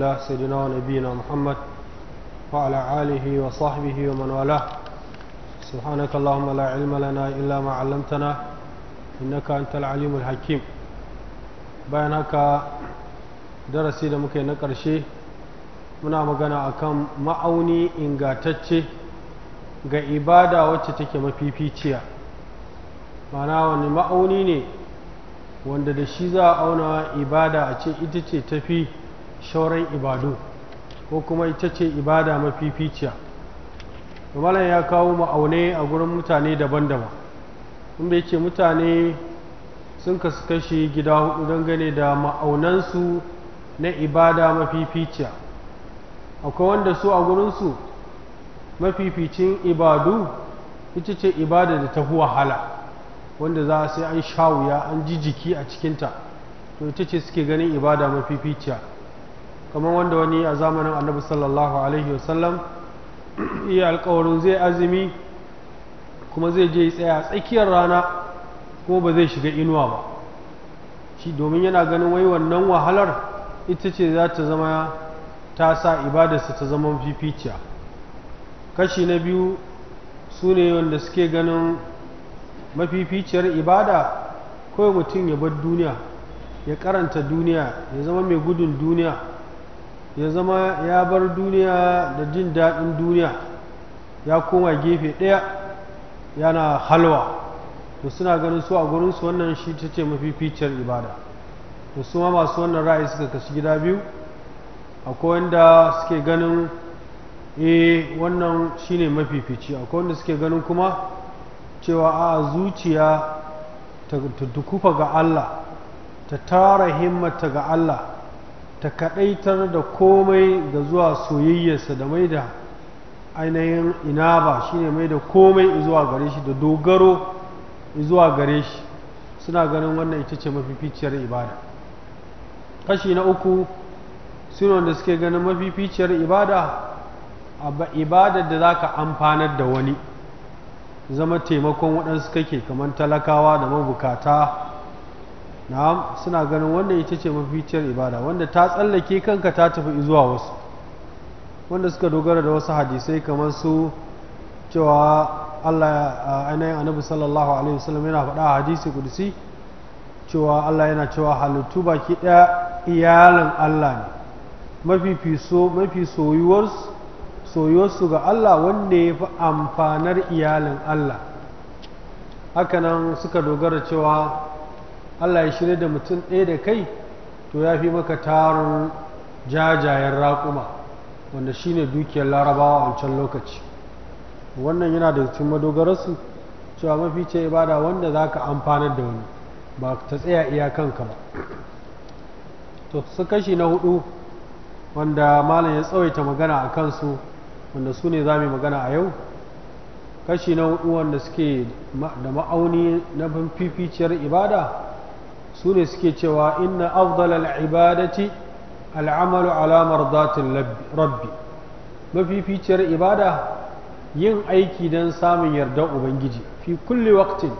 الله سيدنا ونبينا محمد وعلى آله وصحبه ومن والاه سبحانك اللهم لا علم لنا إلا ما علمتنا إنك أنت العليم الحكيم بينك درسي لمك نكرشي muna magana akan ma'auni ingatacce ga ibada wacce take mafificiya mana wani ma'auni ne wanda da shi za a auna ibada a ce ita ce tafi shauran ibadu ko kuma ita ce ibada mafificiya malam ya kawo ma'aune a gurin mutane daban-daban inda ya ce mutane sun kasu kashe gida hudu dangane da ma'aunansu na ibada mafificiya akwai wanda su a gurinsu mafificin ibadu ita ce ibada da ta wahala wanda za a sai an sha wuya an ji jiki a cikinta to ita ce suke ganin ibada mafificiya kamar wanda wani a zamanin annabi sallallahu alaihi wasallam iya alkawarin zai azumi kuma zai je tsaya tsakiyar rana ko ba zai shiga inuwa ba shi domin yana ganin wai wannan wahalar ita ce za ta zama ta sa ibadarsa ta zama fificiya kashi na biyu su ne wanda suke ganin mafificiyar ibada kawai mutum ya bar duniya ya karanta duniya ya zama mai gudun duniya ya zama ya bar duniya da jin daɗin duniya ya koma gefe ɗaya yana halwa to suna ganin su a gurinsu wannan shi ta ce mafificiyar ibada to su ma masu wannan ra'ayi suka kashi gida biyu akwai wanda suke ganin e wannan shi shine mafifici akwai wanda suke ganin kuma cewa a zuciya ta dukufa ga Allah ta tara himmata ga Allah ta da komai ga zuwa soyayyarsa da mai da ainihin inaba shine mai da komai zuwa gare shi da dogaro zuwa gare shi suna ganin wannan ita ce mafificiyar ibada kashi na uku suna wanda suke ganin mafificiyar ibada ibadar da za ka amfanar da wani zama taimakon waɗansu kake kamar talakawa da mabukata na'am suna ganin wannan ita ce maficiyar ibada wanda ta tsallake kanka ta tafi zuwa wasu wanda suka dogara da wasu hadisai kamar su cewa Allah ainihin annabi sallallahu alaihi wasallam yana faɗa a hadisi kudusi cewa Allah yana cewa halittu baki ɗaya iyalin Allah ne mafi mafi soyuwarsu ga Allah wanda ya fi amfanar iyalin Allah hakanan suka dogara cewa Allah ya shirya da mutum ɗaya da kai to ya fi maka tarin jajayen raƙuma wanda shi ne dukiyar larabawa a wancan lokaci wannan yana da cikin madogararsu cewa mafi ce ibada wanda za ka amfanar da wani ba ta tsaya iya kanka ba to su kashi na hudu wanda malam ya tsawaita magana a kansu wanda su ne za mu magana a yau kashi na hudu wanda suke da ma'auni na fificiyar ibada su ne suke cewa inna afdal al'ibadati al'amalu alamar zatin rabbi mafificiyar ibada yin aiki don samun yardar ubangiji fi kulli waktin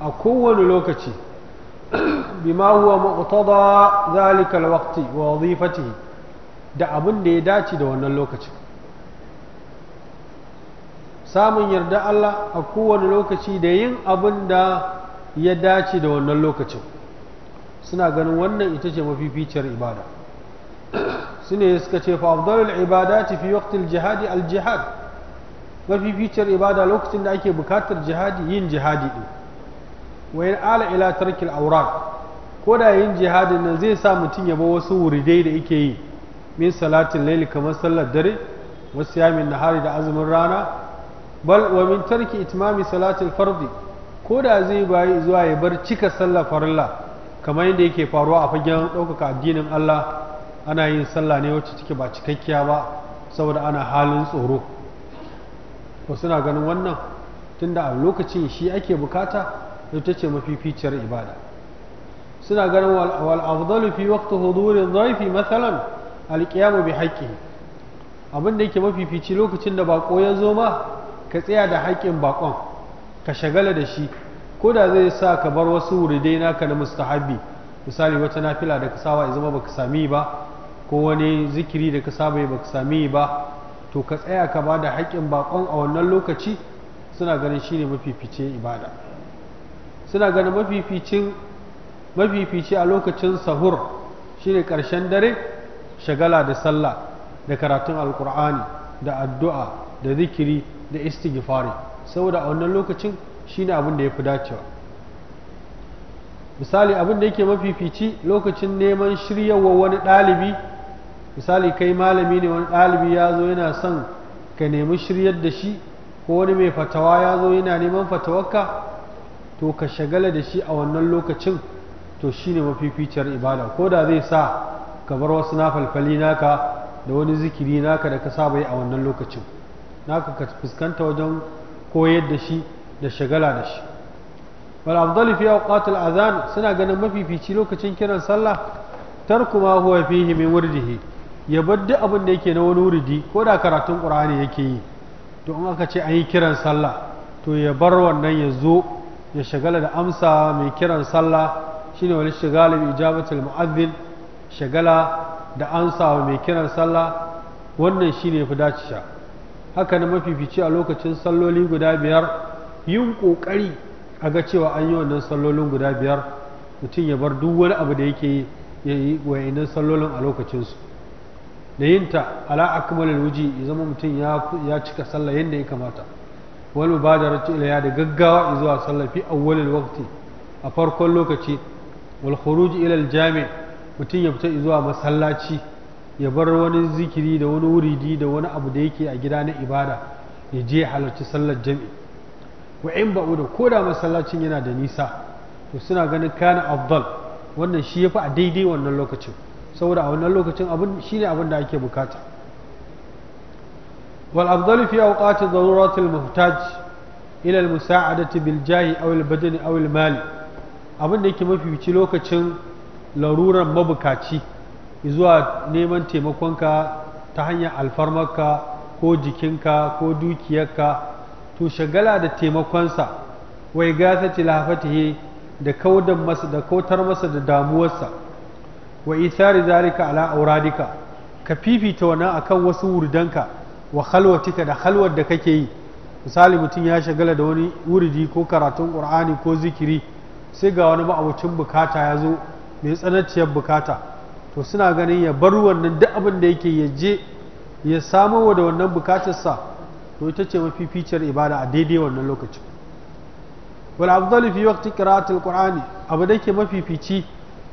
a kowane lokaci bima huwa muqtada zalika alwaqti wa wazifatihi da abin da ya dace da wannan lokacin samun yarda Allah a kowane lokaci da yin abin da ya dace da wannan lokacin suna ganin wannan ita ce mafificiyar ibada su ne suka ce fa ibada ta fi waqtil jihadi aljihad jihad mafificiyar ibada lokacin da ake bukatar jihadi yin jihadi din wayan in ala ila tarkil awrad ko da yin jihadin nan zai sa mutum ya bar wasu wuridai da yake yi min salatin laili kamar sallar dare wasu yamin nahari da azumin rana bal wa min tarki itmami salatin fardi ko da zai bayi zuwa ya bar cika sallar farilla kamar yadda yake faruwa a fagen ɗaukaka addinin Allah ana yin sallah ne wacce take ba cikakkiya ba saboda ana halin tsoro ko suna ganin wannan tunda a lokacin shi ake bukata ita ce mafificiyar ibada suna ganin wal afdalu fi waqti hudurin dhaifi mathalan al qiyam bi haqqihi abin da yake mafifici lokacin da bako ya zo ma ka tsaya da haƙƙin baƙon ka shagala da shi ko da zai sa ka bar wasu wuridai naka na mustahabi misali wata nafila da ka sawa ya zama baka sami ba ko wani zikiri da ka ba baka sami ba to ka tsaya ka ba da haƙƙin bakon a wannan lokaci suna ganin shine mafificin ibada suna ganin mafificin mafifici a lokacin sahur shine ƙarshen dare shagala da sallah da karatun alkur'ani da addu'a da zikiri da istighfari saboda a wannan lokacin shine abin da ya fi dacewa misali abin da yake mafifici lokacin neman shiryawa wani ɗalibi misali kai malami ne wani ɗalibi ya zo yana son ka nemi shiryar da shi ko wani mai fatawa ya zo yana neman fatawarka to ka shagala da shi a wannan lokacin to shine mafificiyar ibada ko da zai sa ka bar wasu na falfali naka da wani zikiri naka da ka saba yi a wannan lokacin naka ka fuskanta wajen koyar da shi da shagala da shi wal afdal fi awqatil adhan suna ganin mafifici lokacin kiran sallah tarku ma huwa fihi min wurdihi ya bar abin da yake na wani wurdi ko da karatun qur'ani yake yi to in aka ce an yi kiran sallah to ya bar wannan ya zo ya shagala da amsa mai kiran sallah shine wal shagala bi ijabatil mu'adhdhin shagala da amsa mai kiran sallah wannan shine fi dacewa haka na mafifici a lokacin salloli guda biyar yin ƙoƙari a ga cewa an yi wannan sallolin guda biyar mutum ya bar duk wani abu da yake ya yi nan sallolin a lokacinsu da yin ta ala akmalul wuji ya zama mutum ya cika sallah yadda ya kamata wani ba da ya da gaggawa zuwa sallah fi awwalil waqti a farkon lokaci wal khuruj ila jami mutum ya fita zuwa masallaci ya bar wani zikiri da wani wuridi da wani abu da yake a gida na ibada ya je halarci sallar jami'i wa'in ba ba'uda ko da masallacin yana da nisa to suna ganin kana afdal wannan shi yafi a daidai wannan lokacin saboda a wannan lokacin abin ne abin da ake bukata wal afdal fi awqati darurati al muhtaj ila al musa'adati bil jahi aw al badani aw al mal abin da yake mafifici lokacin laruran mabukaci zuwa neman taimakonka ta hanyar alfarmarka ko jikinka ko dukiyarka to shagala da taimakonsa wai gasa tilafatihi da kaudan masa da kautar masa da damuwarsa wa isari zalika ala auradika ka fifita wannan akan wasu wurdanka wa khalwatika da halwar da kake yi misali mutum ya shagala da wani wuridi ko karatun qur'ani ko zikiri sai ga wani ma'abucin bukata ya zo mai tsananciyar bukata to suna ganin ya bar wannan duk abin da yake ya je ya samo da wannan bukatarsa to ita ce mafificiyar ibada a daidai wannan lokacin wal afdalu fi waqti qira'ati alqur'ani abu da ke mafifici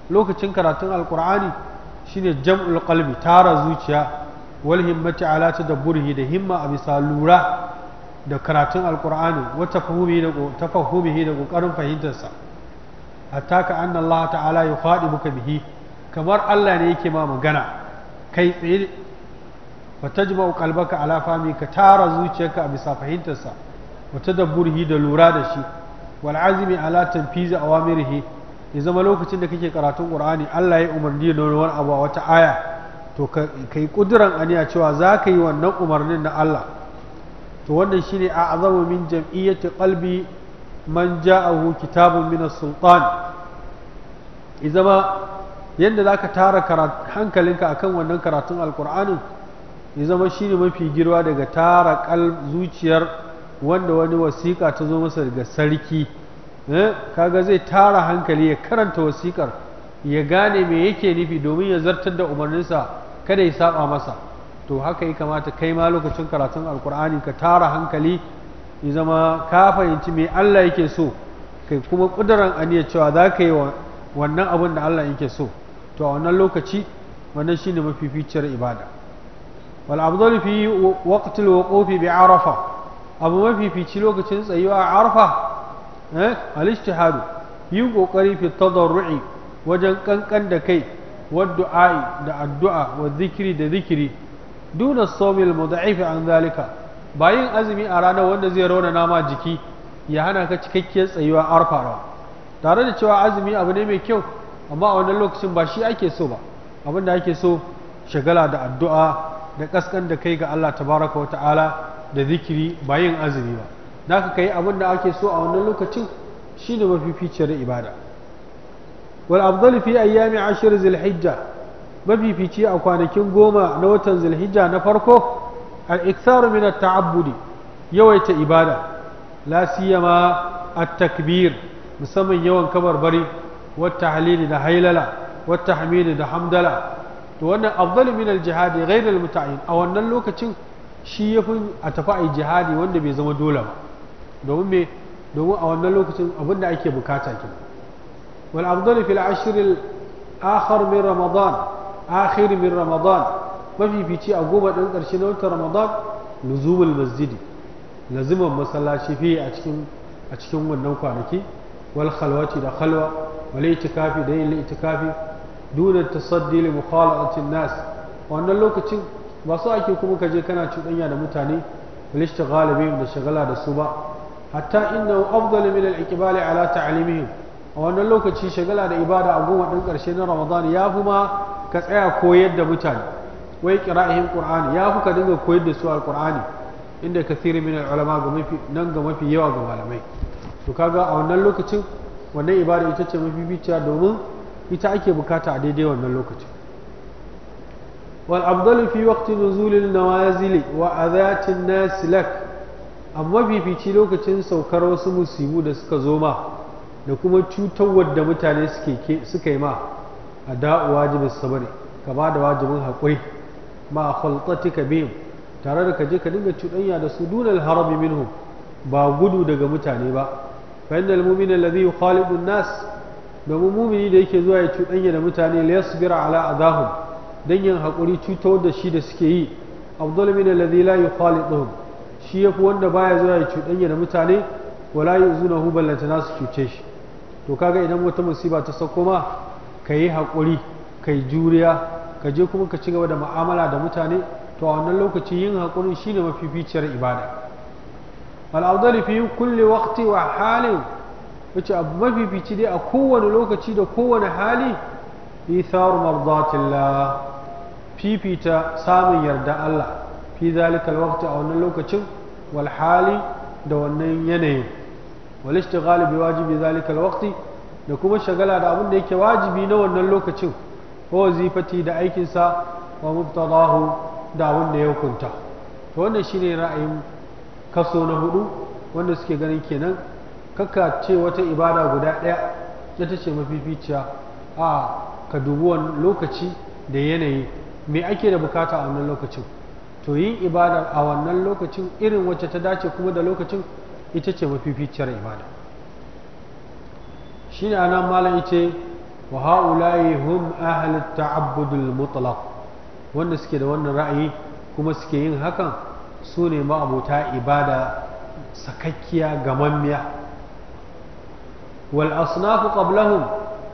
lokacin karatun alqur'ani shine jam'ul qalbi tara zuciya wal himmati da tadabburhi da himma a bisa lura da karatun alqur'ani wata tafahumi da tafahumihi da kokarin taka hatta ka anna Allah ta'ala bihi kamar Allah ne yake ma magana kai tsaye wa tajma'u kalbaka ala ka tara zuciyarka a bisa fahimtarsa wa tadabburihi da lura da shi wal azmi ala tanfizi awamirihi ya zama lokacin da kake karatun ƙur'ani Allah ya umarni da wani abu a wata aya to kai a aniya cewa za ka yi wannan umarnin na Allah to wannan shine a'zamu min jam'iyyati qalbi man ja'ahu kitabun min as ya zama yadda za ka tara hankalinka akan wannan karatun alkur'anin ya zama shi ne mafi girwa daga tara zuciyar wanda wani wasiƙa ta zo masa daga sarki eh, kaga zai tara hankali ya karanta wasiƙar ya gane me yake nufi domin ya zartar da umarninsa kada ya saba masa to haka ya kamata kai ma lokacin karatun alkur'ani ka tara hankali ya zama ka fahimci me Allah yake so kai kuma ƙudurin aniyar cewa za ka yi wannan abin da Allah yake so to a wannan lokaci wannan shine mafificiyar ibada wal afdal fi waqt al wuquf bi arafa abu mafi fici lokacin tsayuwa a arafa eh al ijtihadu yin kokari fi tadarrui wajen kankan da kai والدعاء da addu'a wa zikiri da zikiri duna somil mudha'if an zalika bayin azumi a ranar wanda zai rauna nama jiki ya hana ka cikakkiyar tsayuwa arfarawa tare da cewa azumi abu ne mai kyau amma a wannan lokacin ba shi ake so ba abin da ake so shagala da addu'a da kaskan da kai ga Allah tabaraka wata'ala da zikiri ba yin azumi ba naka kai abin da ake so a wannan lokacin shine mafificiyar ibada wal afdal fi ayyami ashir zulhijja mafifici a kwanakin goma na watan zilhijja na farko al iktharu min at ta'abbudi yawaita ibada la siyama at takbir musamman yawan kabarbari wata tahlili da hailala wata tahmidi da hamdala to wannan afdalu min al-jihad ghayr al-muta'in a wannan lokacin shi yafi a tafi ai jihadi wanda bai zama dole ba domin me domin a wannan lokacin abin da ake bukata ke wal afdalu fil ashr al-akhir min ramadan akhir min ramadan a goma din ƙarshe na watan ramadan nuzumul masjidi laziman masallaci fi a cikin a cikin wannan kwanaki wal khalwati da khalwa wal itikafi da yin itikafi duna tasaddi li mukhalaqatin nas wannan lokacin ba su ake kuma ka je kana cuɗanya da mutane lishta galibin da shagala da su ba hatta innahu afdalu min al-iqbali ala a wannan lokaci shagala da ibada a goma ɗin ƙarshe na ramadan ya fi ma ka tsaya koyar da mutane wai ƙira'ihim qur'ani ya fi ka dinga koyar da su al-qur'ani inda kathiri min al-ulama nan ga mafi yawa ga malamai to kaga a wannan lokacin wannan ibada ita ce mafi biciya domin ita ake bukata a daidai wannan lokacin wal afdalu fi waqti nuzulil nawazil wa adhatin nas lak amma bibici lokacin saukar wasu musibu da suka zo ma da kuma cutar da mutane suke suka yi ma a da'u wajibin sabari ka ba da wajibin haƙuri ma khalqatika bihim tare da kaje ka dinga cuɗanya da su dunal harami minhum ba gudu daga mutane ba fa innal mu'mina alladhi yukhalidu nas domin mumini da yake zuwa ya cuɗanya da mutane la bira ala adahum dan yin hakuri cuto da shi da suke yi afdal min alladhi la yukhaliduhum shi yafi wanda baya zuwa ya cuɗanya da mutane wala yuzunahu ballantana su cuce shi to kaga idan wata musiba ta sauko ma ka yi hakuri ka yi juriya ka je kuma ka ci gaba da ma'amala da mutane to a wannan lokaci yin hakuri shine mafificiyar ibada al-afdal fi kulli waqti wa halin wace abu mafifici dai a kowane lokaci da kowane hali ithar mardatillah fifita samun yarda Allah fi zalikal waqti a wannan lokacin wal hali da wannan yanayin wal ishtighal bi wajibi zalikal waqti da kuma shagala da abin da yake wajibi na wannan lokacin ko wazifati da aikinsa wa mubtadahu da abin da ya hukunta to wannan shine ra'ayin kaso na hudu wanda suke ganin kenan kaka ce wata ibada guda ɗaya ita ce mafificiya a ka dubu wani lokaci da yanayi me ake da bukata a wannan lokacin to yin ibada a wannan lokacin irin wacce ta dace kuma da lokacin ita ce mafificiyar ibada ne anan malam ce wa haula'i hum ahlut ta'abbudul mutlaq wanda suke da wannan ra'ayi kuma suke yin hakan su ne ma'abota ibada sakakkiya gamammiya wal asnafu qablahum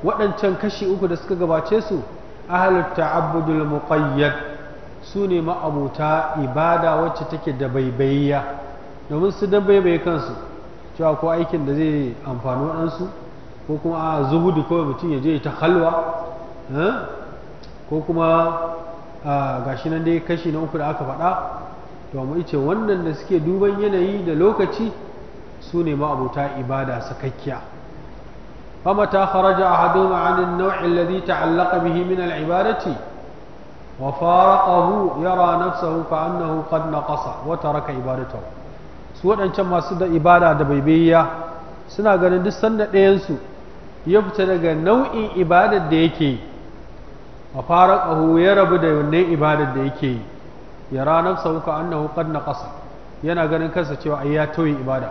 waɗancan kashi uku da suka gabace su ahlut ta'abbudul muqayyad su ne ma'abuta ibada wacce take da baibayya domin su dan kansu cewa ko aikin da zai amfani waɗansu ko kuma a zubudu kawai mutum ya je ta halwa eh, ko kuma gashi nan dai kashi na uku da aka faɗa to mu ce wannan da suke duban yanayi da lokaci su ne ma'abuta ibada sakakkiya فمتى خرج أحدهم عن النوع الذي تعلق به من العبادة وفارقه يرى نفسه فأنه قد نقص وترك عبادته سواء أن كما سد إبادة دبيبية سنة غنى دستن دينسو يبتلق نوع إبادة ديكي وفارقه يرى بدا نوع إبادة ديكي يرى نفسه فأنه قد نقص yana ganin kansa cewa إبادة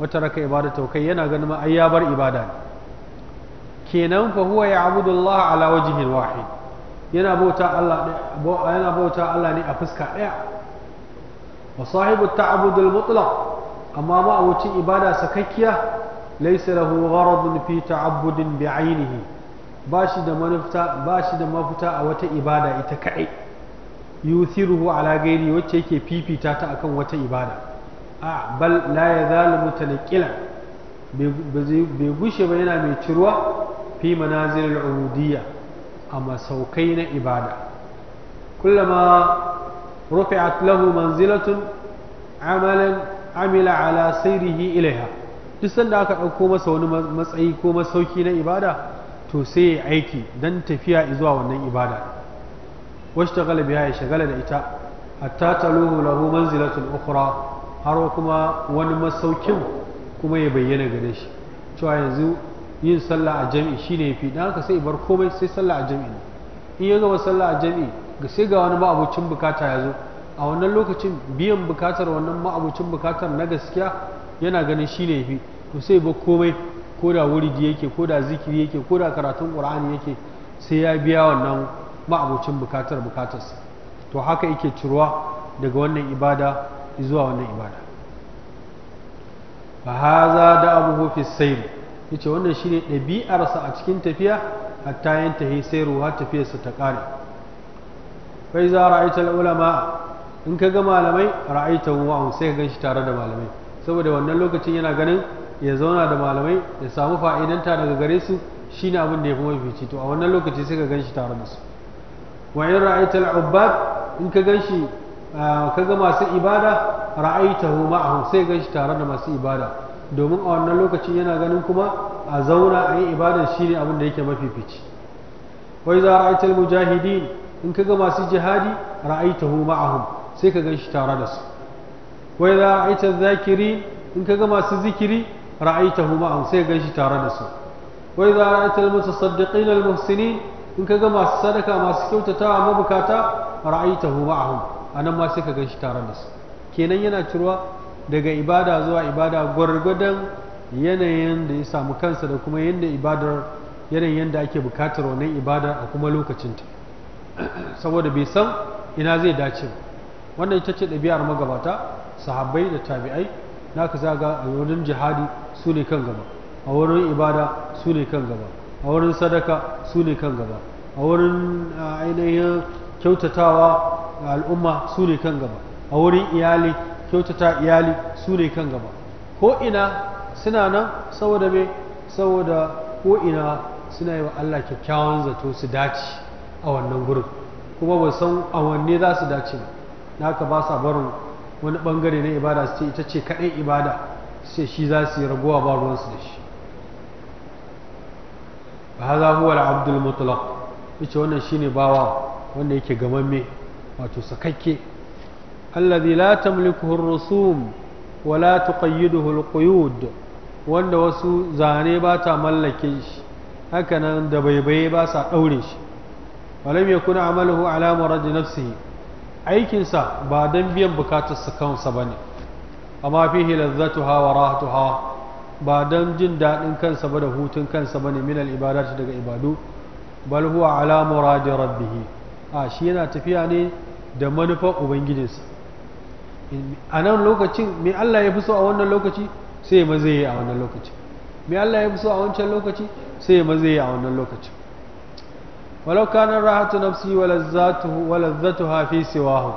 وترك toyi كي wata raka ibadatu kai إبادة, ganin kenan fa huwa ya'budu Allah ala wajhin wahid yana bauta Allah yana bauta Allah ne a fuska daya wa sahibu ta'budul mutlaq amma ma abucin ibada sakakkiya laysa lahu gharadun fi ta'abbudin bi'ainihi bashi da manufa bashi da mafita a wata ibada ita kadai yuthiruhu ala gairi wacce yake fifita ta akan wata ibada a bal la yazalu mutanaqqilan bai gushe ba yana mai ciruwa في منازل العبودية أما سوكين إبادة كلما رفعت له منزلة عملا عمل على سيره إليها تسن داك أكوما سون مسعيكوما سوكين إبادة تسي عيكي دن تفيا إزوا ونن إبادة واشتغل بها يشغل دعيتا حتى تلوه له منزلة أخرى هروكما ونما سوكين كما يبين غنش شو عايزو yin sallah a jami'i shine yafi dan haka sai bar komai sai sallah a jami'i in ya gama sallah a jami'i ga sai ga wani ma'abucin bukata ya zo a wannan lokacin biyan bukatar wannan ma'abucin bukatar na gaskiya yana ganin shine yafi to sai ba komai ko da wuridi yake ko da zikiri yake ko da karatun qur'ani yake sai ya biya wannan ma'abucin bukatar bukatarsa to haka yake ciruwa daga wannan ibada zuwa wannan ibada fa da yace wannan shine ɗabi'arsa a cikin tafiya hatta yantahi sai ruwa tafiyarsa ta ƙare fa iza ra'aita ulama in ka ga malamai ra'aita wa sai ka ganshi tare da malamai saboda wannan lokacin yana ganin ya zauna da malamai ya samu fa'idanta daga gare su shine abin da ya fi mafici to a wannan lokaci sai ka ganshi tare da su wa in ra'aita al'ubbad in ka ganshi ah, ka ga masu ibada ra'aitahu ma'ahum sai ganshi tare da masu ibada domin a wannan lokacin yana ganin kuma a zauna a yi ibadar shi ne abin da yake mafifici wai za a ra'aitar mujahidi in kaga masu jihadi hu ma'ahum sai ka ganshi tare da su wai za ra'aitar zakiri in kaga masu zikiri hu ma'ahum sai ka ganshi tare da su wai za musu mutasaddiqin almuhsinin in kaga masu sadaka masu kyautatawa mabukata hu ma'ahum nan ma sai ka ganshi tare da su kenan yana cirwa daga ibada zuwa ibada gwargwadon yanayin da ya samu kansa da kuma yadda ibadar yanayin yadda ake bukatar wannan ibadar a kuma lokacinta saboda bai san ina zai dace wannan ita ce ɗabi'ar magabata sahabbai da tabi'ai naka zaga a wurin jihadi su ne kan gaba a wurin ibada su ne kan gaba a wurin sadaka su ne kan gaba a wurin ah, ainihin kyautatawa al'umma su ne kan gaba a wurin iyali kyautata iyali su ne kan gaba ko ina suna nan saboda me saboda ko ina suna yi wa Allah kyakkyawan zato su dace a wannan gurin kuma ba san awanne za su dace ba na ka ba sa barin wani bangare na ibada su ce ita ce kaɗai ibada sai shi za su yi raguwa ba ruwansu da shi ba za mu al-abdul mutlaq ita wannan shine bawa wanda yake gamamme wato sakakke alladhi la tamlikuhu rusum wa la tuqayyiduhu alquyud wanda wasu zane ba ta mallake shi hakanan da baibaye ba sa daure shi walam yakun amaluhu ala murad nafsihi aikinsa ba dan biyan sa kansa bane amma fihi ladzatuha wa rahatuha ba don jin daɗin kansa ba da hutun kansa ba ne minal ibadati daga ibadu bal huwa ala muradi rabbihi a shi yana tafiya ne da manufar ubangijinsa a nan lokacin me Allah ya fi so a wannan lokaci sai maza yi a wannan lokaci me Allah ya fi so a wancan lokaci sai maza yi a wannan lokaci walau kana rahatu nafsi wa lazzatuha fi siwahu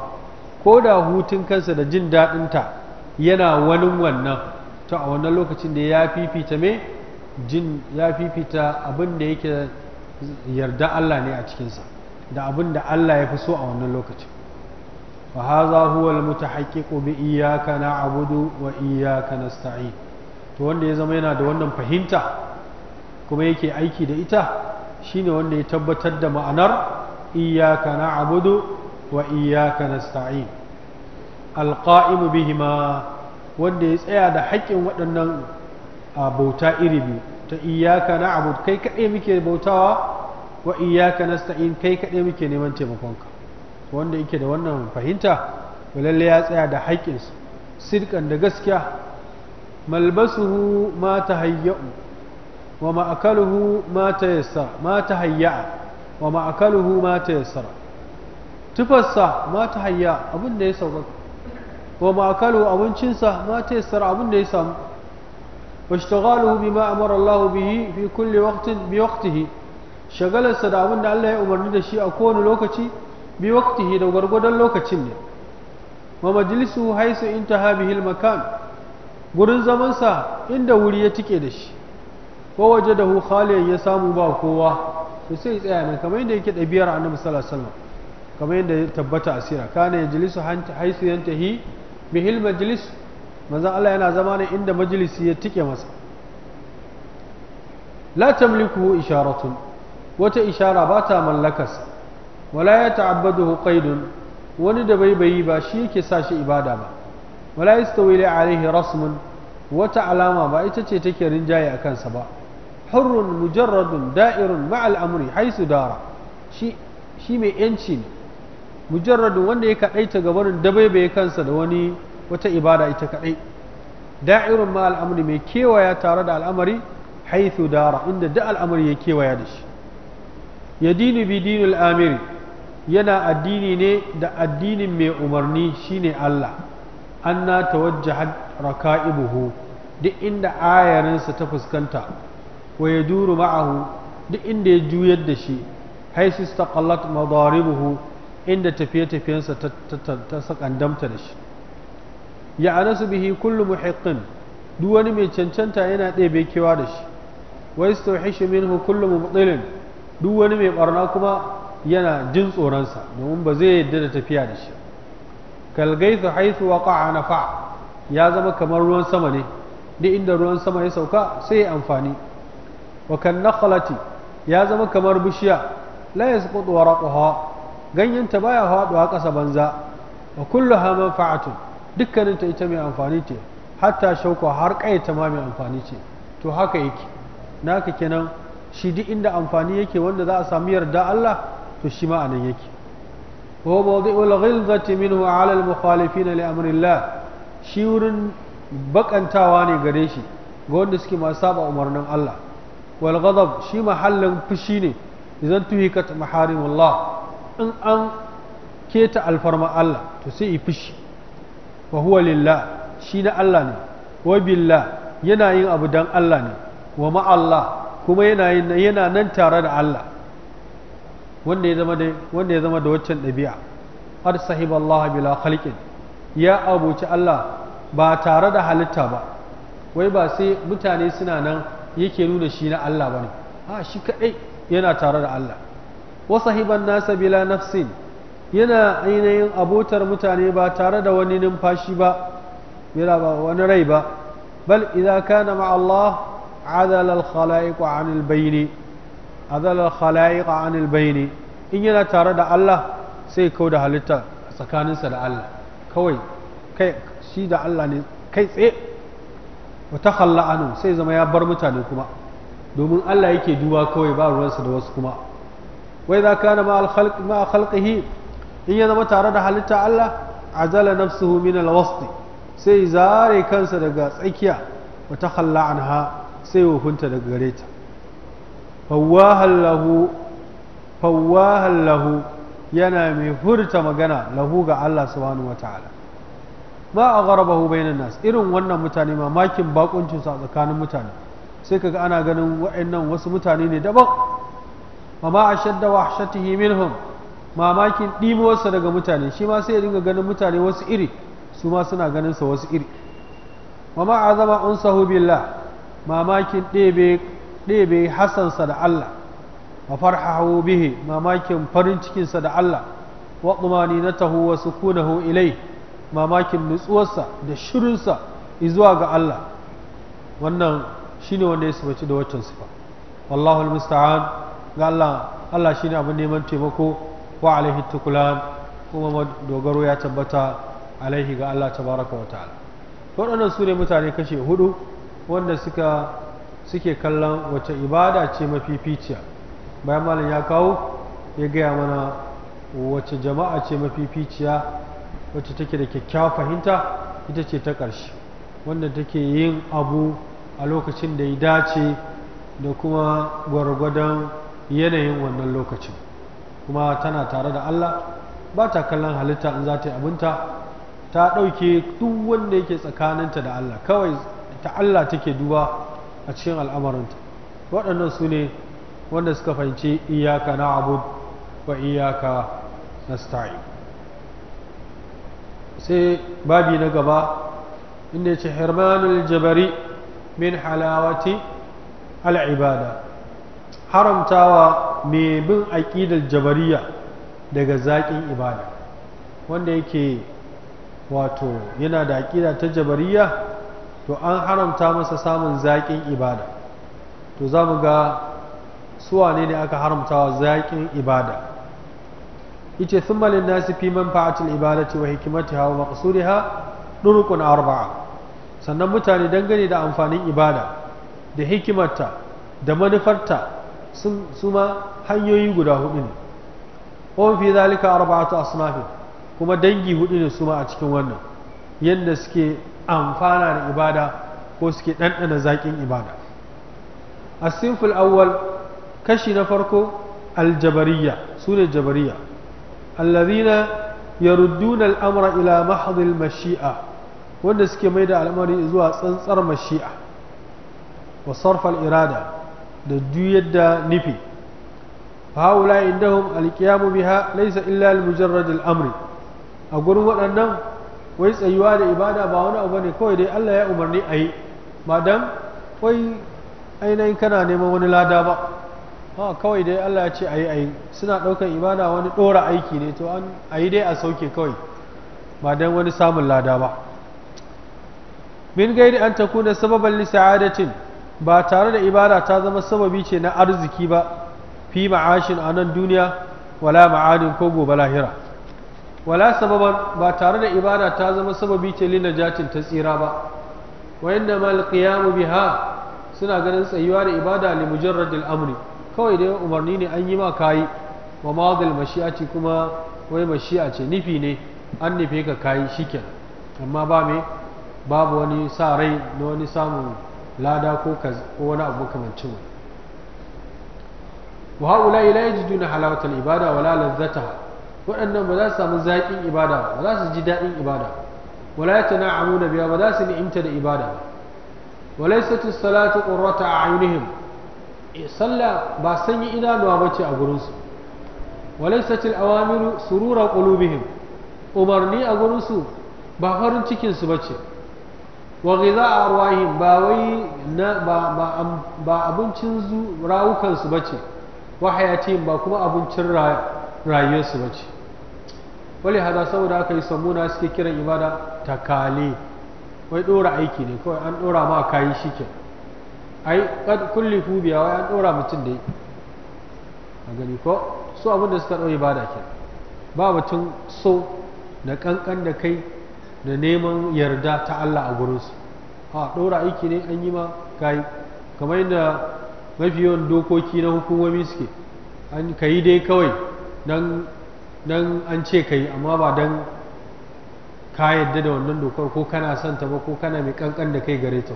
ko da hutun kansa da jin daɗin ta yana wani wannan to a wannan lokacin da ya fifita me jin ya fifita abin da yake yarda Allah ne a cikinsa da abin da Allah ya fi so a wannan lokacin فهذا هو المتحقق بإياك نعبد وإياك نستعين to wanda ya zama yana da wannan fahimta kuma yake aiki da ita shine wanda ya tabbatar da ma'anar iyyaka na'budu wa iyyaka nasta'in alqa'im bihima wanda ya tsaya da haƙƙin waɗannan bauta iri biyu ta iyyaka na'budu kai kaɗai muke bautawa wa iyyaka nasta'in kai kaɗai muke neman taimakonka wanda yake da wannan fahimta to lalle ya tsaya da haƙƙinsa sidkan da gaskiya malbasuhu ma tahayya'u wa ma'akaluhu ma ma wa ma'akaluhu ma tufarsa ma abin da ya sauƙaƙa wa ma'akaluhu abincinsa ma abin da ya samu واشتغاله بما bi waqtihi da gwargwadon lokacin ne wa majlisu haisu intaha bihil makan gurin zamansa inda wuri ya tike da shi ko waje da khaliyan ya samu ba kowa to sai tsaya nan kamar yadda yake ɗabiyar annabi sallallahu alaihi wasallam kamar yadda ya tabbata a sira kana yajlisu haisu yantahi bihil majlis manzon Allah yana zama ne inda majlisi ya tike masa la tamliku isharatun wata ishara ba ta mallakarsa wala ya ta'abbadu qaidun wani da baibayi ba shi yake sa shi ibada ba wala yastawi alayhi rasmun wata alama ba ita ce take rinjaye a kansa ba hurrun mujarradun da'irun ma'al haisu dara shi shi mai yanci ne mujarradun wanda ya kadaita gabanin dabaibaye kansa da wani wata ibada ita kadai da'irun ma'al mai kewaya tare da al'amari haisu dara inda da al'amari ya kewaya da shi yadinu bi dinul amiri yana addini ne da addinin mai umarni shine Allah an na tawajjahat raka'ibuhu duk inda ayarinsa ta fuskanta wa ya ma'ahu duk inda ya juyar da shi haisu istaqallat madaribuhu inda tafiye-tafiyensa ta sakandamta da shi ya anasu bihi kullu muhiqqin duk wani mai cancanta yana ɗebe kewa da shi wa yastawhishu minhu kullu mubtilin duk wani mai barna kuma yana jin tsoronsa domin ba zai yadda da tafiya da shi kalgaisu haithu na fa'a ya zama kamar ruwan sama ne duk inda ruwan sama ya sauka sai ya amfani wa kan nakhlati ya zama kamar bishiya la yasqutu waraqaha ganyen ta baya haɗuwa ƙasa banza wa kulluha manfa'atu dukkanin ta ita mai amfani ce hatta shauka har ƙaya ta ma mai amfani ce to haka yake naka kenan shi duk inda amfani yake wanda za a sami yarda Allah to shi ma yake wa mawdi'ul ghilzati minhu 'ala al-mukhalifin li amrillah shi wurin bakantawa ne gare shi ga wanda suke masu saba umarnin Allah wal ghadab shi mahallin fushi ne idan tuhikat maharimullah in an keta alfarma Allah to sai i fushi wa huwa lillah shi na Allah ne wa billah yana yin abu dan Allah ne wa ma Allah kuma yana nan tare da Allah wanda ya zama da wanda ya zama da waccan ɗabi'a har sahiballaha bila khalqin ya abuci Allah ba tare da halitta ba wai ba sai mutane suna nan yake nuna shi na Allah bane a shi kadai yana tare da Allah wa sahiban nasa bila nafsin yana ainihin abotar mutane ba tare da wani numfashi ba yana ba wani rai ba bal idza kana ma'a Allah adala al-khalaiq 'anil bayni azalal khala'iq anil bayni in yana tare da Allah sai kawai da halitta tsakaninsa da Allah kawai kai shi da Allah ne kai tsaye wa ta khalla anu sai zama ya bar mutane kuma domin Allah yake duba kawai ba ruwansa da wasu kuma wai za ka na ma khalqihi in yana zama tare da halitta Allah azala nafsuhu min alwasd sai zare kansa daga tsakiya wa ta khalla anha sai wuhunta daga gareta. fawahan lahu lahu yana mai furta magana lahu ga Allah subhanahu wataala ba a gharabahu bainan nas irin wannan mutane mamakin bakuncin su a tsakanin mutane sai kaga ana ganin wa'annan wasu mutane ne daban amma ashadda wahshatihi minhum mamakin ɗimuwarsa daga mutane shi ma sai ya dinga ganin mutane wasu iri su ma suna ganin sa wasu iri wa ma azama unsahu billah mamakin ɗebe ɗebe Hassansa da Allah wa hau bihe mamakin farin cikinsa da Allah wa tumaninatahu wa sukunahu ilai mamakin nutsuwarsa da shirinsa izuwa ga Allah wannan shi ne wanda ya sifaci da waccan sifa wallahu musta'an ga Allah Allah shine abin neman taimako wa alaihi tukulan kuma dogaro ya tabbata alaihi ga Allah tabaraka wa ta'ala waɗannan su ne mutane kashe hudu wanda suka suke kallon wace ibada ce mafificiya bayan malam ya kawo ya gaya mana wace jama'a ce mafificiya wacce take da kyakkyawa fahimta ita ce ta ƙarshe wanda take yin abu a lokacin da ya dace da kuma gwargwadon yanayin wannan lokacin kuma tana tare da Allah ba ta kallon halitta in za ta yi abinta ta ɗauke duk wanda yake tsakaninta da Allah kawai ta Allah take duba a cikin al'amuranta waɗannan su ne wanda suka fahimci iyaka na abu wa iyaka na sta'i sai babi na gaba inda ce hermanul jabari min halawati al'ibada haramtawa mai bin aƙidar jabariya daga zaƙin ibada wanda yake wato yana da aƙida ta jabariya to an haramta masa samun zaƙin ibada to za mu ga suwane ne aka haramta wa zaƙin ibada ice sun malin nasi fi man ibada ibadati wa hawa wa ha ɗurukun arba'a sannan mutane dangane da amfanin ibada da hikimarta da manufarta sun suma hanyoyi guda hudu ne wa fi zalika arba'atu asnaf kuma dangi hudu ne suma a cikin wannan yadda suke amfana da ibada ko suke ɗanɗana zaƙin ibada A asimful awwal kashi na farko aljabariya su ne jabariya allazina yarudduna al'amra ila mahdil mashi'a wanda suke mai da al'amari zuwa tsantsar mashi'a wa sarfal irada da juyar da nufi haula hum alƙiyamu biha laisa illa al mujarrad amri a gurin waɗannan wai tsayuwa da ibada ba wani abu ne kawai dai Allah ya umarni a yi ba dan wai ainihin kana neman wani lada ba ha kawai dai Allah ya ce a yi a yi suna ɗaukar ibada wani ɗora aiki ne to an a yi dai a sauke kawai ba dan wani samun lada ba min gairi an ta kuna sababan li ba tare da ibada ta zama sababi ce na arziki ba fi ma'ashin a nan duniya wala ma'adin ko gobe lahira wala sababan ba tare da ibada ta zama sababi ce lina jatin ta tsira ba wa inda mal qiyamu biha suna ganin tsayuwa da ibada li mujarradil amri kawai dai umarni ne an yi ma kayi wa madal mashi'ati kuma wai mashi'a ce nufi ne an nufe ka kayi shikenan amma ba me babu wani sa rai na wani samun lada ko wani abu makamancin wani wa haula ila yajiduna halawatal ibada wala ladzataha waɗannan ba za su samu zaƙin ibada ba za su ji daɗin ibada wala ya tana amuna biya ba za su ni'imta da ibada ba wala ya sati salatu ƙurrata a ainihin eh, sallah ba idanuwa ba ce a su wala ya sati awamiru surura ƙulubihim umarni a su ba farin cikinsu ba ce wa ghiza a arwahim ba wai ba abincin rawukansu bace ce wa ba kuma abincin raya rayuwarsu ba ce wani haza saboda aka yi samuna suke kiran ibada takali wai ɗora aiki ne kawai an ɗora ma kayi shi ke ai kulli fubiya wai an ɗora mutum da yi a gani ko su abin da suka ɗau ibada ke ba mutum so da kankan da kai da neman yarda ta Allah a gurinsu a ɗora aiki ne an yi ma kayi kamar yadda mafi yawan dokoki na hukumomi suke an kayi dai kawai nan an ce ka yi amma ba don ka yadda da wannan dokar ko kana son ta ba ko kana mai kankan da kai gare ta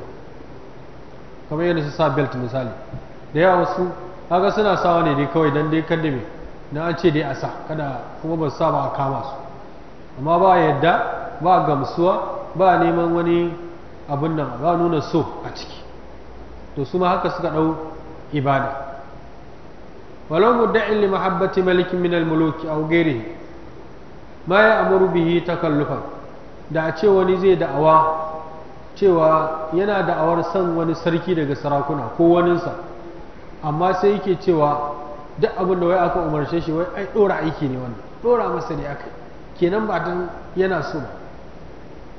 kamar yadda su sa belt misali da yawa wasu haka suna sawa ne dai kawai don dai kan dame na an ce dai a sa kada kuma ba sa ba a kama su amma ba yadda ba gamsuwa ba neman wani abin nan ba nuna so a ciki to su ma haka suka ɗau ibada ولو مدع لمحبة ملك من الملوك أو غيره ما يأمر به تكلفا da a ce wani zai da'awa cewa yana da'awar son wani sarki daga sarakuna ko waninsa amma sai yake cewa duk abin da wai aka umarce shi wai ai dora aiki ne wannan dora masa ne aka kenan ba dan yana so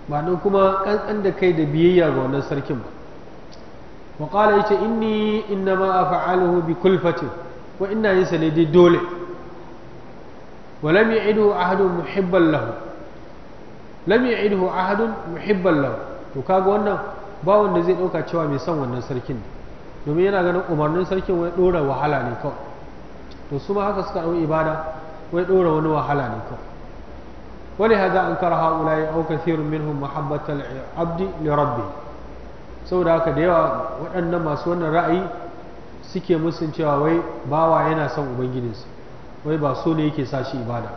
ba ba kuma kankan da kai da biyayya ga wannan sarkin ba wa qala yace inni innama af'aluhu bi kulfatin ko ina yin sa ne dai dole ولم يعده muhibban محبا له لم يعده أحد محبا to kaga wannan ba wanda zai dauka cewa mai son wannan sarkin domin yana ganin umarnin sarkin wai dora wahala ne kawai to su ma haka suka dau ibada wai dora wani wahala ne kawai wani hada an kara haulai au kathirun minhum mahabbatal abdi li rabbi saboda haka da yawa waɗannan masu wannan ra'ayi suke musun cewa wai bawa yana son ubangijinsa wai ba so ne yake sa shi ibada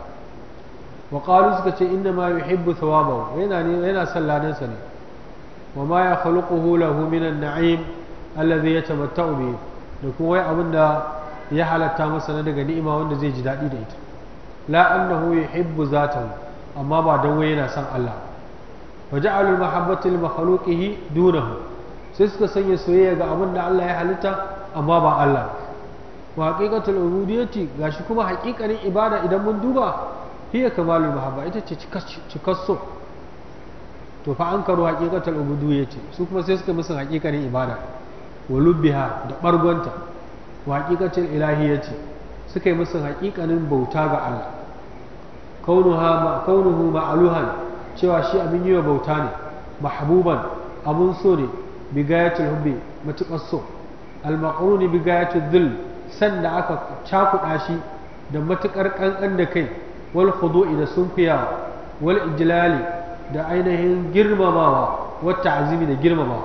wa suka ce inda ma yuhibbu thawabahu yana ne yana son ladansa ne wa ma ya khaluquhu lahu min an-na'im alladhi yatamatta'u bihi da kuma wai abinda ya halatta masa na daga ni'ima wanda zai ji daɗi da ita la annahu yuhibbu zatahu amma ba dan wai yana son Allah wa ja'alul mahabbata li makhluqihi dunahu sai suka sanya soyayya ga abinda Allah ya halitta amma ba Allah wa haqiqatul ubudiyyati gashi kuma haƙiƙanin ibada idan mun duba hiya kamalul mahabba ita ce so to fa an karo haqiqatul ubudiyyati su kuma sai suka musu haƙiƙanin ibada wa lubbiha da ɓargonta wa haqiqatul ilahiyyati suka yi musu haƙiƙanin bauta ga Allah kaunuha kaunuhu ma'aluhan cewa shi abin yi wa bauta ne mahbuban abun so ne bigayatul hubbi matukar so almakaruni bi gayatu sanda aka cakuɗa shi da matukar ƙanƙan da kai wal khudu'i da sunfiya wal ijlali da ainihin girmamawa wata azimi da girmamawa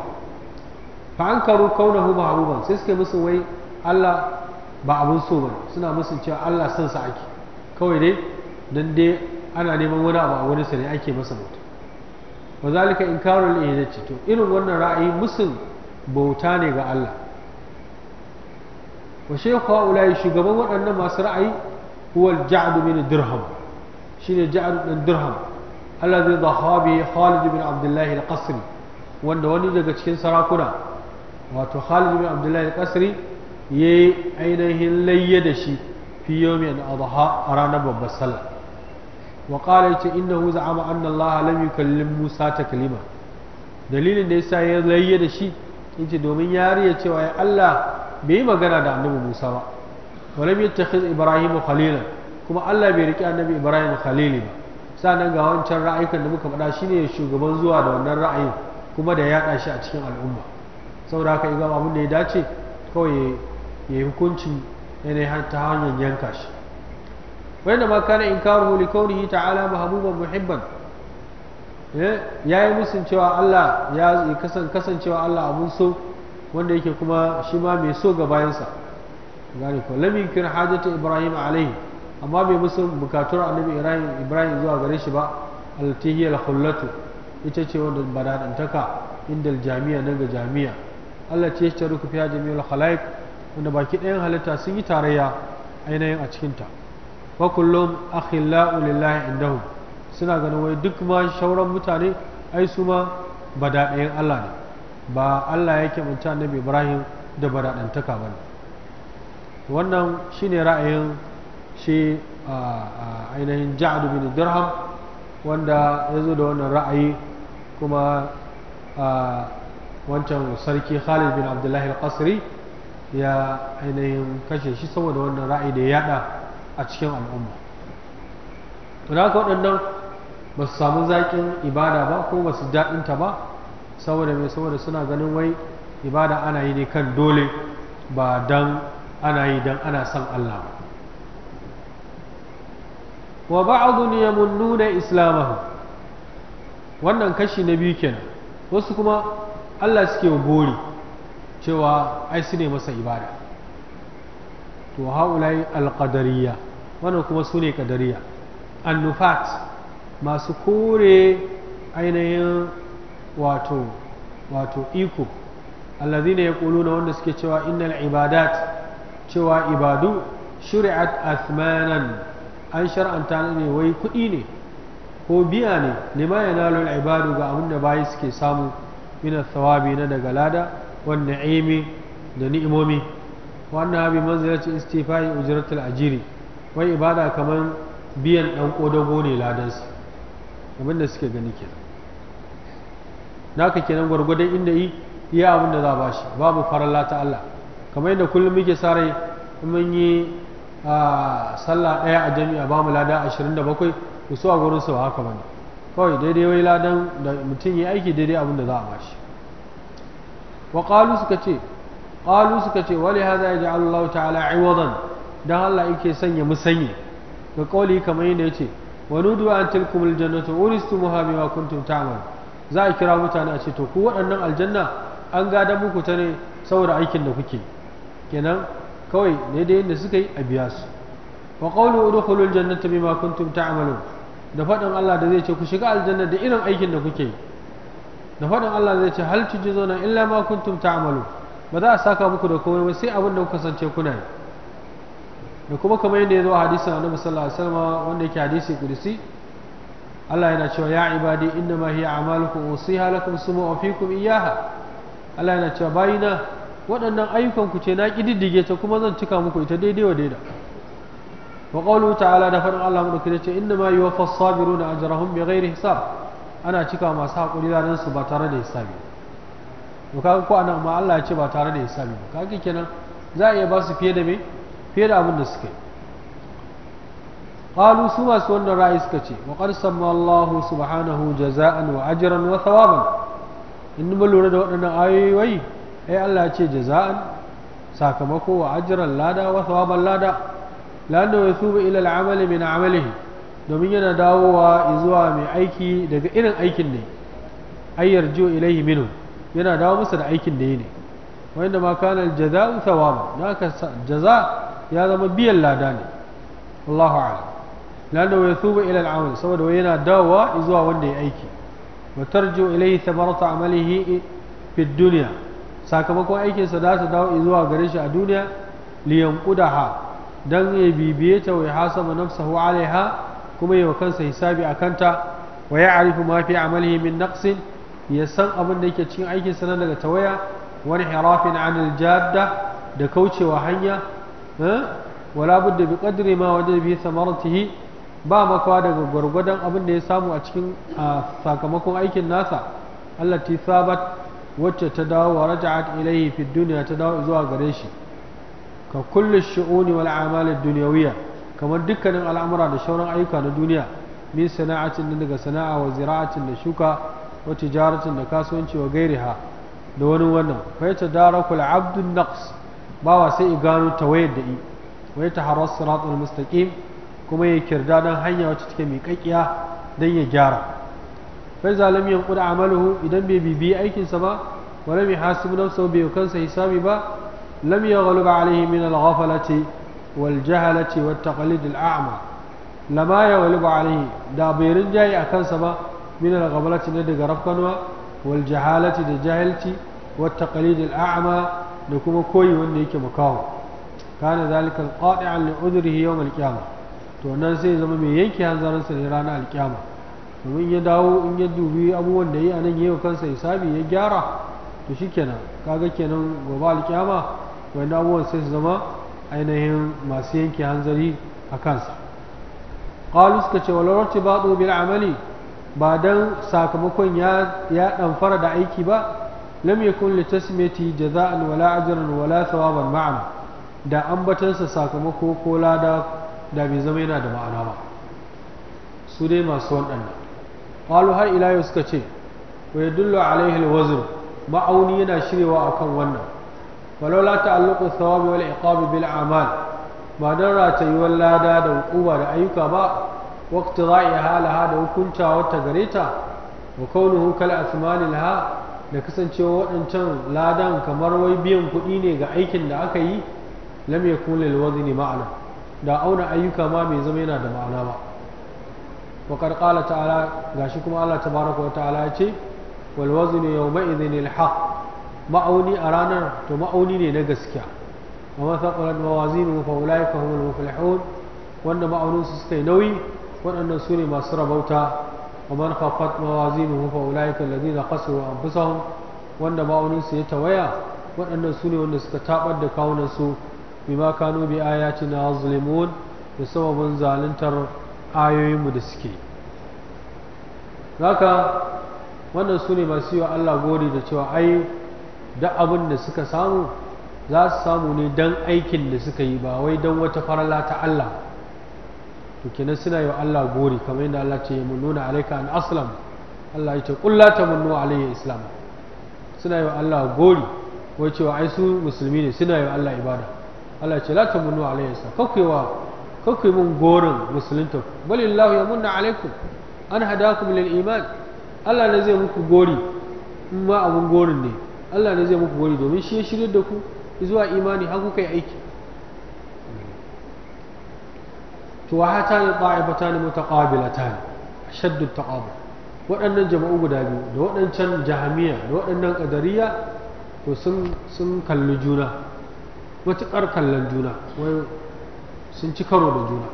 fa an karu kaunahu mahbuban sai suke musu wai Allah ba abun so bane suna musu cewa Allah san sa ake kawai dai dan dai ana neman wani abu a wani sa ne ake masa mutum wa zalika inkarul ihdati to irin wannan ra'ayi musun bauta ne ga Allah wa shaykhu ulai shugaban waɗannan masu ra'ayi huwa al-ja'd min dirham shine ja'd din dirham alladhi dhaha bi Khalid bin Abdullah al-Qasri wanda wani daga cikin sarakuna wato Khalid bin Abdullah al-Qasri yayi ainihin layya da shi fi yawmin adha a ranar babbar sallah wa qala yace innahu za'ama anna Allah lam yukallim Musa taklima dalilin da yasa ya layya da shi yace domin ya cewa ya Allah bai yi magana da annabi Musa ba walam yattakhiz Ibrahim Khalila kuma Allah bai riki annabi Ibrahim khalili ba sanan ga wancan ra'ayin da muka faɗa shine shugaban zuwa da wannan ra'ayin kuma da yaɗa shi a cikin al'umma saboda haka idan abin da ya dace kawai ya hukuncin yana ta hanyar yanka shi wanda ma kana inkaruhu li kaunihi ta'ala mahbuban muhibban eh, ya yi musun cewa Allah ya kasancewa Allah abun so wanda yake kuma shi ma mai so ga bayansa gane ko lam yunkir Hajata ibrahim alaihi amma bai musu bukatuwar annabi ibrahim ibrahim zuwa gare shi ba altihiyal khullatu ita ce wanda badadantaka inda jami'a nan ga jami'a Allah ce ta ruku fiya jami'ul khalaiq wanda baki ɗayan halitta sun yi tarayya ainihin a cikinta wa kullum akhillau lillahi indahum suna ganin wai duk ma shauran mutane ai su ma bada Allah ne ba Allah yake manta annabi Ibrahim da baradantaka ba ne. wannan shine ra'ayin shi ainihin Ja'ad bin Dirham wanda ya zo da wannan ra'ayi kuma wancan sarki Khalid bin Abdullahi al-Qasri ya ainihin kashe shi saboda wannan ra'ayi da ya yada a cikin al'umma Da haka waɗannan ba su samu zaƙin ibada ba ko ba su daɗinta ba saboda mai saboda suna ganin wai ibada ana yi ne kan dole ba dan ana yi dan ana son Allah wa ya nuna islamahu wannan kashi na biyu kenan wasu kuma Allah suke gori cewa ai su ne masa ibada to haulai alƙadariya wannan kuma su ne kadariya annufat masu kore ainihin wato wato iko allazina yaquluna wanda suke cewa innal ibadat cewa ibadu shuri'at athmanan an shar'anta ne wai kuɗi ne ko biya ne lima yanalu ibadu ga abin da bayi suke samu min thawabi na daga lada wan na'imi da ni'imomi wannan bi manzilati istifai ujratul ajiri wai ibada kaman biyan dan kodago ne ladansu abinda suke gani kenan naka kenan gwargwadon inda yi iya abin da za ba shi babu faralla ta Allah kamar yadda kullum muke sare mun yi sallah ɗaya a jami'a ba mu lada 27 ku so a gurin su ba haka bane kawai daidai wai ladan da mutum ya aiki daidai abin da za a ba shi wa qalu suka ce qalu suka ce wali hadha yaj'al Allah ta'ala 'iwadan dan Allah yake sanya musanye ga kauli kamar yadda yace wa nudu an tilkumul jannatu uristumuha bima kuntum ta'malun za a kira mutane a ce to ku waɗannan aljanna an gada muku ta ne saboda aikin da kuke kenan kawai ne da yadda suka yi a biya su wa qawlu udkhulul jannata bima kuntum ta'malun da faɗin Allah da zai ce ku shiga aljanna da irin aikin da kuke da faɗin Allah zai ce hal na illa ma kuntum ta'malun ba za a saka muku da komai ba sai abin da kuka kasance kuna yi da kuma kamar yadda ya zo a hadisin annabi sallallahu alaihi wanda yake hadisi kudusi Allah yana cewa ya ibadi inna ma hiya a'malukum usiha lakum suma wa fikum iyaha Allah yana cewa bayina waɗannan ayyukan ku ce na kididdige ta kuma zan cika muku ita daidai wa daida wa qawlu ta'ala da faɗin Allah mu ce inna ma yuwaffa as-sabiruna ajrahum bighairi hisab ana cika masu hakuri ranar su ba tare da hisabi to kaga ko anan ma Allah ya ce ba tare da hisabi ba kaga kenan za a iya ba su fiye da me fiye da abin da suka yi qalu su masu wannan ra'ayi suka ce wa qad Allahu subhanahu jaza'an wa ajran wa in mun lura da waɗannan ayoyi ai Allah ce jaza'an sakamako wa'ajiran ajran lada wa thawaban lada la'annahu yathubu ila al-amali min amalihi domin yana dawowa zuwa mai aiki daga irin aikin ne ay yarju ilayhi minhu yana dawo masa da aikin da yi ne wanda jaza' ya zama biyan lada ne Allahu lalo ya tuba ila al'amal saboda wai yana dawowa zuwa wanda ya aiki wa tarju ilayhi thamaratu amalihi fi dunya sakamakon aikinsa za ta dawo zuwa gare shi a duniya liyan kudaha dan ya bibiye ta wa hasaba nafsahu alaiha kuma yi kansa hisabi a kanta wa ya arifu ma fi amalihi min naqsin ya san abin da yake cikin aikinsa na daga tawaya wani hirafin anil jadda da kaucewa hanya wala budda bi qadri ma wajada bi ba makawa daga gwargwadon abin da ya samu a cikin sakamakon aikin nasa ti sabat wacce ta dawo wa raja'at ilaihi fi duniya ta dawo zuwa gare shi ka kullu shu'uni wal a'mal ad-dunyawiyya kamar dukkanin al'amura da shauran ayyuka na duniya min sana'atin daga sana'a wa zira'atin da shuka wa tijaratin da kasuwanci wa gairiha da wani wannan fa ta darakul abdun naqs wa sai i gano ta da i wa ta haras siratul mustaqim kuma ya kirda don hanya wacce take miƙaƙiya don ya gyara fa iza lam yanqud amaluhu idan bai bibi aikinsa ba wa lam yahasib nafsahu bai kansa hisabi ba lam yaghlub alayhi min al-ghaflati wal jahalati wat taqlid al-a'ma lama yaghlub alayhi da bai rinjaye a kansa ba min al-ghaflati ne daga rafkanwa wal jahalati da jahilci wat taqlid al-a'ma da kuma koyi wanda yake makawo kana zalika qadi'an li udrihi yawm al-qiyamah to nan sai zama mai yanke hanzarinsa ne rana alkiyama domin ya dawo in ya dubi abubuwan da yi a nan wa kansa hisabi ya gyara to shikenan kaga kenan gobe alkiyama wani abubuwan sai su zama ainihin masu yanke hanzari a kansa qalu suka ce walau rati bil amali ba dan sakamakon ya ya fara da aiki ba lam yakun li tasmiyati jaza'an wala ajran wala thawaban ma'an da ambatansa sakamako ko lada da bai zama yana da ma'ana ba su dai masu waɗannan qalu har ila yau suka ce wa dullo alaihi alwazn ma'auni yana shirewa akan wannan falola ta'alluqu thawabi wal iqabi bil a'mal ba dan ratayuwar lada da hukuma da ayyuka ba waqti iya halaha da hukunta ta gareta wa kaunuhu kal asmani laha da kasancewa waɗancan ladan kamar wai biyan kuɗi ne ga aikin da aka yi lam yakun lil wazni ma'ana da auna ayyuka ma mai zama yana da ma'ana ba faƙar ƙala ta'ala gashi kuma Allah ce walwazi ne yau ma'izi ne ma'auni a ranar to ma'auni ne na gaskiya a masakulan mawazi ma'aunin su suka yi nauyi waɗannan su ne masu rabauta a manfafat mawazi ne mafa wulai ka wanda ma'aunin su ya tawaya waɗannan su ne wanda suka tabar da kawunan su bima kanu bi ayatina yazlimun da sababin zaluntar ayoyinmu da suke haka wannan su ne masu yi wa Allah gori da cewa ai da abin da suka samu za su samu ne don aikin da suka yi ba wai don wata farala ta Allah to kenan suna yi wa Allah gori kamar yadda Allah ce mun nuna alaika an aslam Allah ya ce kulla ta mun nuna alayya islam suna yi wa Allah gori wai cewa ai su musulmi ne suna yi wa Allah ibada Allah ce la tamunnu alayhi sa kakwaiwa kakwai mun gorin musulunta balillahu yamunna alaikum an hadakum lil iman Allah ne zai muku gori in ma abun gorin ne Allah ne zai muku gori domin shi ya shirye da ku zuwa imani har kuka yi aiki to wahatani ta'ifatani mutaqabilatani ashaddu taqabul waɗannan jama'u guda biyu da waɗancan jahamiya da waɗannan ƙadariya to sun kalli juna matuƙar kallon juna wai sun ci karo da juna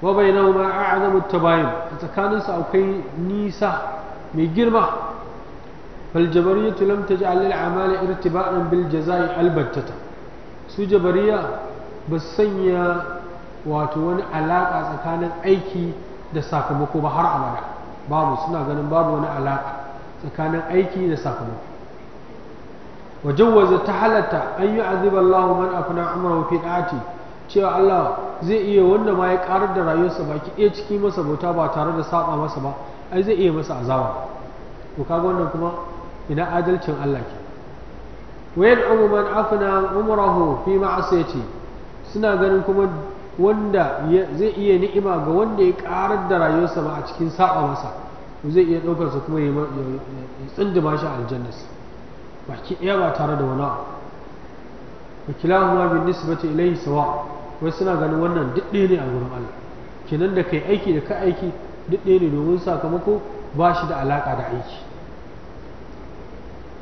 wa bai na ma a ta tabayin a tsakaninsu akwai nisa mai girma فالجبرية لم تجعل للأعمال ارتباطا بالجزاء البتة su jabariya ba sanya wato wani alaƙa tsakanin aiki da sakamako ba har abada babu suna ganin babu wani alaƙa tsakanin aiki da sakamako وجوز تحلتا أن يعذب الله من أفنى عمره في دعاتي cewa Allah zai iya wanda ma ya karar da rayuwarsa baki ɗaya ciki masa bauta ba tare da saba masa ba ai zai iya masa azaba to kaga wannan kuma ina adalcin Allah ke wayan umman afna umrahu fi ma'asiyati suna ganin kuma wanda zai iya ni'ima ga wanda ya karar da rayuwarsa ba a cikin saba masa zai iya ɗaukarsa kuma ya tsindima shi aljannarsa baki ɗaya ba tare da wani abu wa kilahuma bin nisbati ilayhi sawa wai suna ganin wannan duk ne a gurin Allah kenan da kai aiki da ka aiki duk ne domin sakamako ba shi da alaka da aiki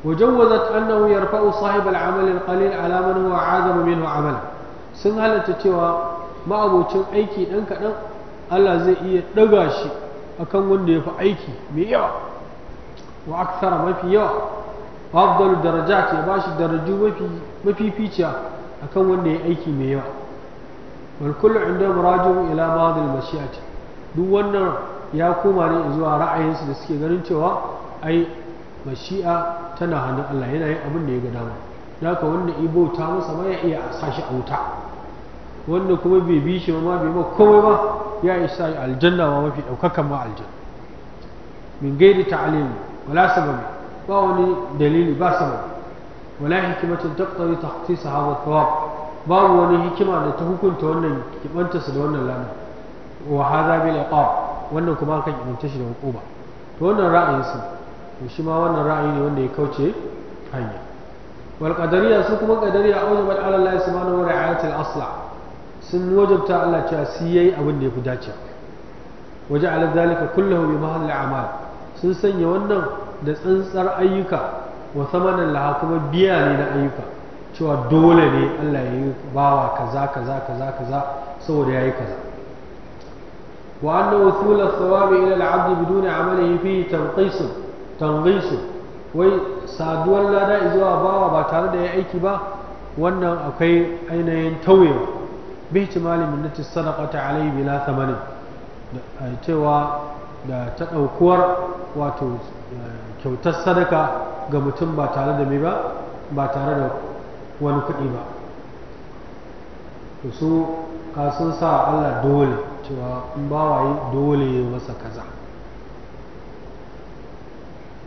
وجوزت أنه يرفع صاحب العمل القليل على من هو عادم منه عملا sun halatta cewa ma'abocin aiki ɗan kaɗan Allah zai iya ɗaga shi akan wanda ya fi aiki mai yawa wa aksara mafi yawa afdalu darajat ya bashi daraju mafi mafificiya akan wanda ya aiki mai yawa wal kullu inda murajun ila madil mashi'ati duk wannan ya koma ne zuwa ra'ayinsu da suke ganin cewa ai mashi'a tana hannun Allah yana yin abin da ya ga dama ka wanda ta masa ma ya iya sa shi a wuta wanda kuma bai bi shi ma bai ba komai ba ya isa aljanna ma mafi daukakan ma aljanna min gairi ta'alim wala sababi ba wani dalili ba sama wala hikimatin taqtari takhsisaha wa thawab babu wani hikima da ta hukunta wannan kibanta su da wannan lana wa hadha bil iqab wannan kuma kan kibanta shi da hukuma to wannan ra'ayin su to shi wannan ra'ayi ne wanda ya kauce hanya wal qadariya su kuma qadariya aujabat asla sun wajabta Allah cewa su abin da ya fi dace waje ala zalika kullahu bi mahall amal sun sanya wannan da tsantsar ayyuka wa samanin laha kuma biya ne na ayyuka cewa dole ne Allah ya yi bawa kaza kaza kaza kaza saboda ya yi kaza wa anna wasula thawabi ila al-abd biduni amalihi fi tanqis tanqis wai saduwar lada zuwa bawa ba tare da ya aiki ba wannan akwai ainihin tauyewa bi ihtimali minnati sadaqati alayhi bila thamanin cewa da ta ɗaukuwar wato eh, kyautar sadaka ga mutum ba tare da mai ba ba tare da wani kuɗi ba to su ka sun sa Allah dole cewa in bawaye dole ya masa kaza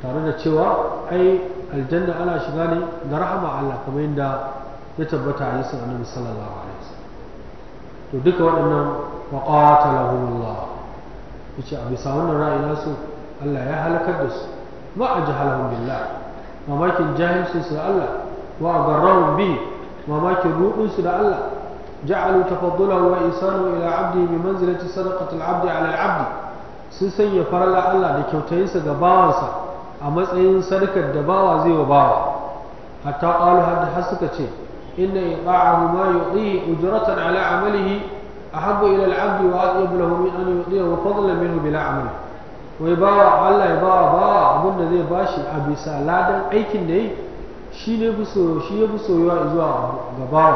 tare da cewa ai aljanna ana shiga ne da rahama Allah kamar yadda ya tabbata a yi sun annabi sallallahu alaihi to duka waɗannan waƙata qatalahumullah yace a bisa wannan ra'ayi nasu Allah ya halakar da su wa ajhalahum billah mamakin jahilcin su da Allah wa agarrahum bi mamakin rudin su da Allah ja'alu tafaddulahu wa isanu ila abdi bi manzilati sadaqati al-abdi ala al-abdi sun sanya farala Allah da kyautayinsa ga bawansa a matsayin sadakar da bawa zai wa bawa hatta qalu hadda har suka ce inna iqa'ahu ma yu'i ujratan ala amalihi أحب إلى العبد وأطيب له من أن يعطيه فضلا منه بلا عمل ويباوع الله يباوع باوع أبونا ذي باشي أبي سالادا أيكن دي shi ne shi ya fi soyuwa zuwa ga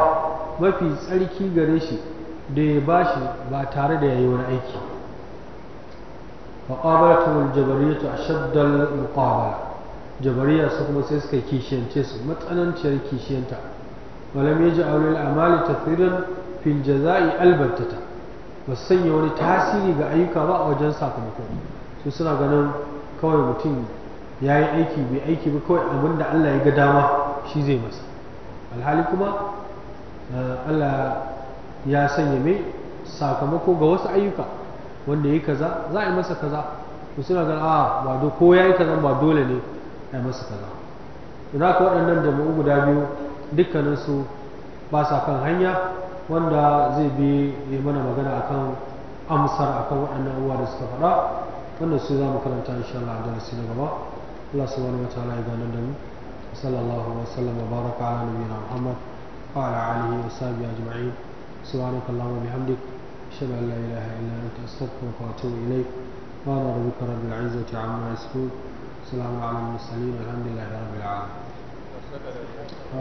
mafi tsarki gare shi da ya bashi ba tare da yayi wani aiki muqabalatul jabariyatu ashaddal muqabala jabariya su kuma sai suka kishiyance su matsananciyar kishiyanta walam yaj'alul amali tathiran fil jaza'i albantata ba su sanya wani tasiri ga ayyuka ba a wajen sakamako su suna ganin kawai mutum ya yi aiki bai aiki ba kawai abin da Allah ya ga dama shi zai masa alhali kuma eh, Allah ya sanya mai sakamako ga wasu ayyuka wanda ya kaza za a yi masa kaza su suna ganin a ah, ba do ko ya yi kaza ba dole ne a yi masa kaza to ka waɗannan jama'u guda biyu dukkaninsu ba sa kan hanya wanda zai bi ya mana magana akan amsar akan waɗannan abubuwa da suka faɗa wannan su za mu karanta insha Allah a darasi na gaba Allah subhanahu wataala ya gano da mu sallallahu alaihi wasallam wa baraka ala nabiyina Muhammad wa ala alihi wa sahbihi ajma'in subhanaka allahumma bihamdik ashhadu an la ilaha illa anta astaghfiruka wa atubu ilayk wa ana rabbuka rabbil izzati amma yasifun salamun ala al mursalin walhamdulillahi rabbil